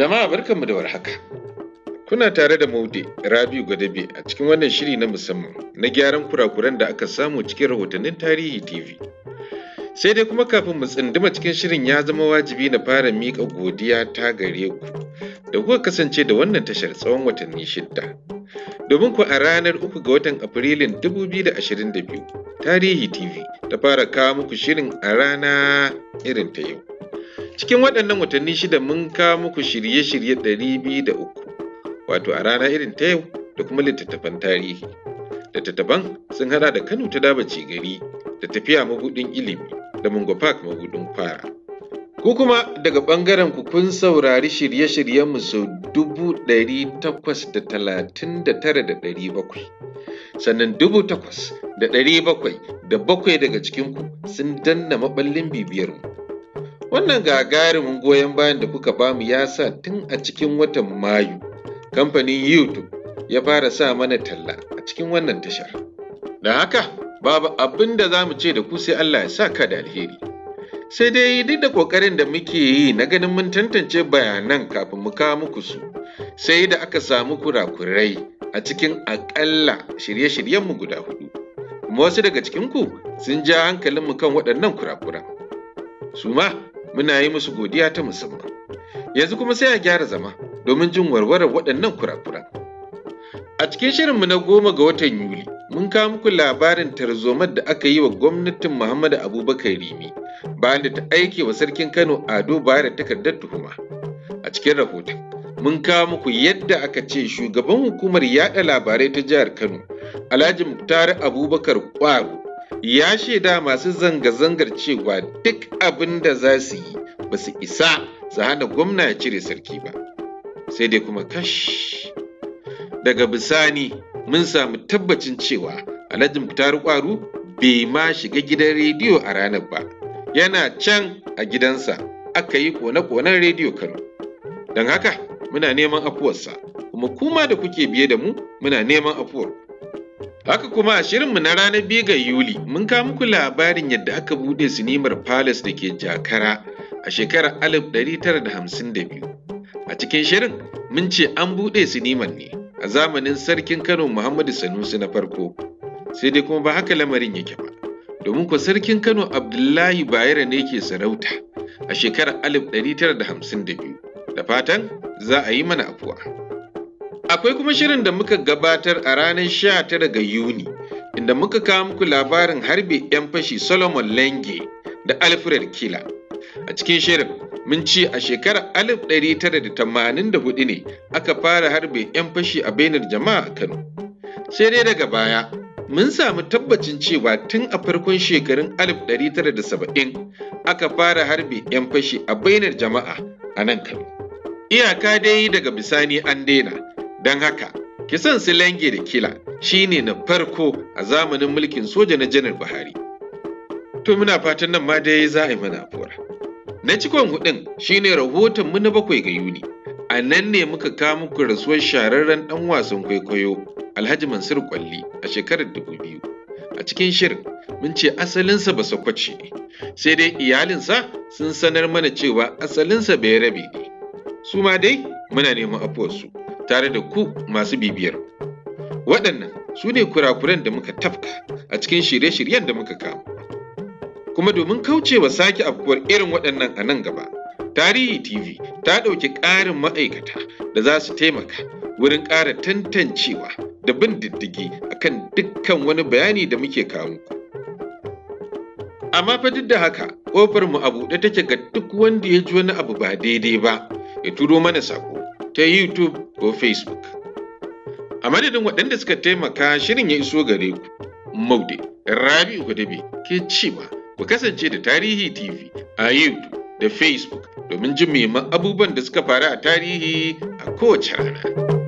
Jama'a barkanmu da warhaka. Kuna tare da Maude Rabiu Gwadabe a cikin wannan shiri na musamman na gyaran kurakuran da aka samu cikin rahotannin tarihi TV. Sai dai kuma kafin mu tsinduma cikin shirin ya zama wajibi na fara miƙa godiya ta gare ku da kuka kasance da wannan tashar tsawon watanni shidda. Domin ku a ranar uku ga watan Afrilun 2022, Tarihi TV ta fara kawo muku shirin a rana irin ta yau. Cikin waɗannan watanni shida mun ka muku shirye-shirye ɗari biyu da uku, wato a rana irin ta yau da kuma littattafan tarihi. Littattafan sun haɗa da Kano ta daba gari da tafiya mabuɗin ilimi da Mungo Park mabuɗin kwara Ku kuma daga ɓangaren ku kun saurari shirye shiryen mu sau dubu ɗari takwas da talatin da tara da ɗari bakwai. Sannan dubu takwas da ɗari bakwai da bakwai daga cikinku sun danna maɓallin mu Wannan gagarumin goyon bayan da kuka bamu ya sa tun a cikin watan Mayu, kamfanin YouTube ya fara sa mana talla a cikin wannan tashar. Da haka, babu abin da za mu ce da ku sai Allah ya sa ka da alheri. Sai dai duk da ƙoƙarin da muke yi na ganin mun tantance bayanan kafin mu kawo muku su, sai da aka samu kurakurai a cikin aƙalla shirye-shiryenmu guda hudu. Kuma wasu daga cikinku sun ja hankalinmu kan waɗannan kurakuran. Su ma muna yi musu godiya ta musamman. Yanzu kuma sai a gyara zama domin jin warwarar waɗannan kurakuran. A cikin shirin mu na goma ga watan Yuli, mun kawo muku labarin tarzomar da aka yi wa gwamnatin Muhammadu Abubakar Rimi bayan da ta aike wa sarkin Kano Ado bayar da takardar tuhuma. A cikin rahoton, mun kawo muku yadda aka ce shugaban hukumar yaɗa labarai ta jihar Kano, Alhaji Muktar Abubakar Kwaro ya shaida masu zanga-zangar cewa duk abin da za su yi ba su isa su hana gwamna ya cire sarki ba sai dai kuma kash daga bisani mun samu tabbacin cewa alhajin fitar kwaru bai ma shiga gidan rediyo a ranar ba yana can a gidansa aka yi kone-konen rediyo kano don haka muna neman afuwarsa kuma kuma da kuke biye da mu muna neman afuwar Haka kuma a shirinmu na ranar biyu ga Yuli, mun kawo muku labarin yadda aka buɗe sinimar Palace da ke Jakara a shekarar 1952. A cikin shirin, mun ce an buɗe sinimar ne a zamanin Sarkin Kano Muhammadu Sanusi na farko. Sai dai kuma ba haka lamarin yake ba. Domin kuwa Sarkin Kano Abdullahi Bayero ne ke sarauta a shekarar 1952. Da fatan za a yi mana afuwa. Akwai kuma shirin da muka gabatar a ranar 19 ga Yuni, inda muka kawo muku labarin harbe 'yan fashi Solomon Lenge da Alfred Kila. A cikin shirin, mun ce a shekarar 1984 ne aka fara harbe 'yan fashi a bainar jama'a a Kano. Sai dai daga baya, mun samu tabbacin cewa tun a farkon shekarun 1970 aka fara harbe 'yan fashi a bainar jama'a a nan Kano. Iyaka dai daga bisani an daina, don haka kisan silenge da kila shine na farko a zamanin mulkin soja na janar buhari to muna fatan nan ma da yi za a yi mana fura na cikon hudun shine rahoton mu na bakwai ga yuni a nan ne muka kawo muku rasuwar shararren ɗan wasan kwaikwayo alhaji mansur kwalli a shekarar dubu biyu. a cikin shirin mun ce asalinsa ba sakwace sai dai iyalinsa sun sanar mana cewa asalinsa bai rabe ne su ma dai muna neman afuwarsu tare da ku masu bibiyar. Waɗannan su ne kurakuren da muka tafka a cikin shirye-shiryen da muka kama. Kuma domin kaucewa sake afkuwar irin waɗannan a nan gaba, Tarihi TV ta ɗauki ƙarin ma'aikata da za su taimaka wurin ƙara tantancewa da bin diddigi akan dukkan wani bayani da muke kawo Amma fa duk da haka, ƙofar mu a buɗe take ga duk wanda ya ji wani abu ba daidai ba, ya turo mana sako. ta YouTube ko Facebook. A madadin waɗanda suka taimaka shirin ya iso gare ku, Maude, Rabi'u Gwadabe ke cewa ku kasance da Tarihi TV a YouTube da Facebook domin jin muhimman abubuwan da suka faru a tarihi a kowace rana.